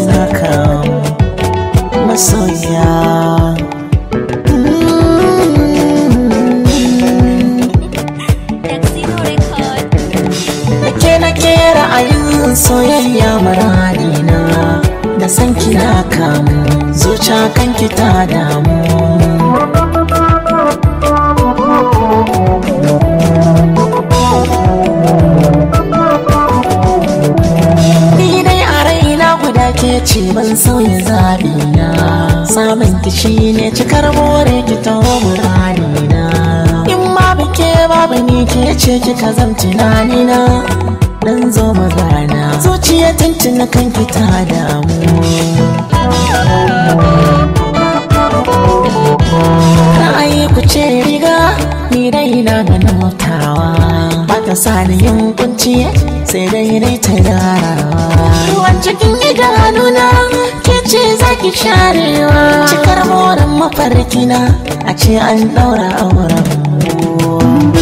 saka masoya mm. Nake nake ra'ayin soyayya na da san kina kamu zuciya kanki ta damu ce ban sauya na samun ki shi ne cikar more ki ta muranina in ma bike babu ni ke ce kika zam tunanina dan zo magana zuciya tuntuna ki ta damu mutawa baka sani yin kunci sai dai dai ta garawa ruwan cikin idanuna ke ce zaki sharewa cikar moran mafarkina a ce an daura auren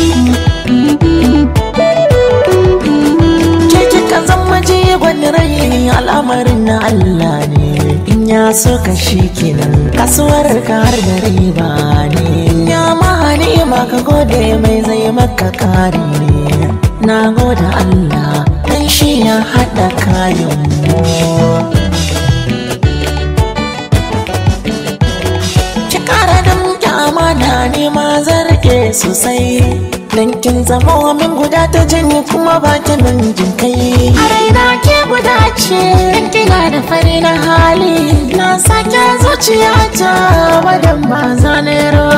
kici ka zama jigon rai al'amarin na Allah ne ya so ka shi kenan kasuwar ka har da riba ne ya mahani maka gode mai zai maka kare ne na gode Allah dan shi ya hada kayan mu ki kara damke amana ne ma zarge sosai dan kin zama min guda ta jini kuma ba ta nan jin kai a raina ke guda ce fari na hali na sake zuciya ta wadan ba zanen